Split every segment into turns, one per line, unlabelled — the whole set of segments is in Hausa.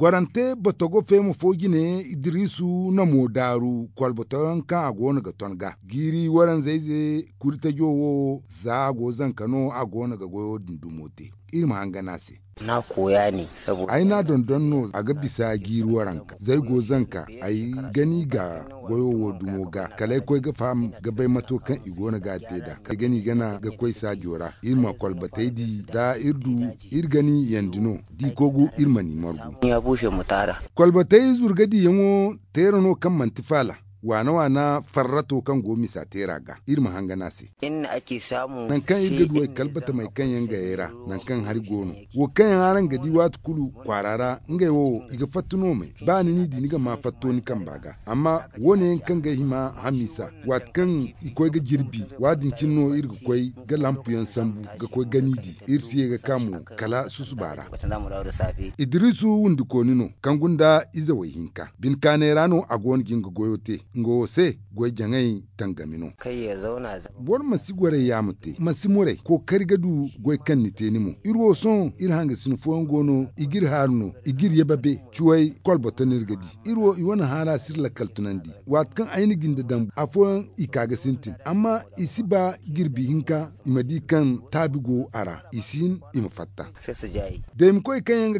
gwarante batogo femu fogine idrisu na modaru kwalbatoyon kan agona ga tonga giri waran zaize kurita jowo za agozan kano agona ga goyo dundumote irma hanga se na koya ne saboda ai na dondonno a ga bisa giruwaranka zai go zanka ai gani ga goyowo dumo ga kalai koi ga fam ga bai igo igona ga teda ka gani gana ga koi sa jora irma kolbatai di da irdu irgani yandino di kogo irma ni margu ya bushe mutara kolbatai zurgadi yamo terano kan mantifala wane wana farrato kan gomi sa tera ga irma hangana se inna ake samu nan kan iga kalbata mai kan yanga yera nan kan har gono wo kan haran gadi wat kulu kwarara nga wo iga fattuno mai ba ni ni diniga ma fatto ni kan baga amma wone kan ga hima hamisa wat kan iko ga girbi wadin kinno irga koi ga lampuyan sambu ga koi ganidi irsi ga kamu kala susu bara idrisu wundu konino kan gunda iza hinka bin kane rano agon ginga goyote ngose se gwe jangai tangamino kai ya zauna bor masi gore ya mutte masi more ko kargadu gwe kan nite ni irwo son ir hanga sin fo ngono igir harno igir yababe kolbo tanir gadi irwo iwana hara sirla kaltunandi wat kan ayni ginda dam afon ikaga sintin amma isi ba girbi hinka imadi kan tabigo ara isin imfatta sai su jayi da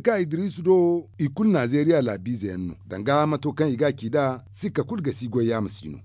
ka idrisu do ikul najeriya la bizenno danga mato kan da kida sika kulga sigo Williams, you know.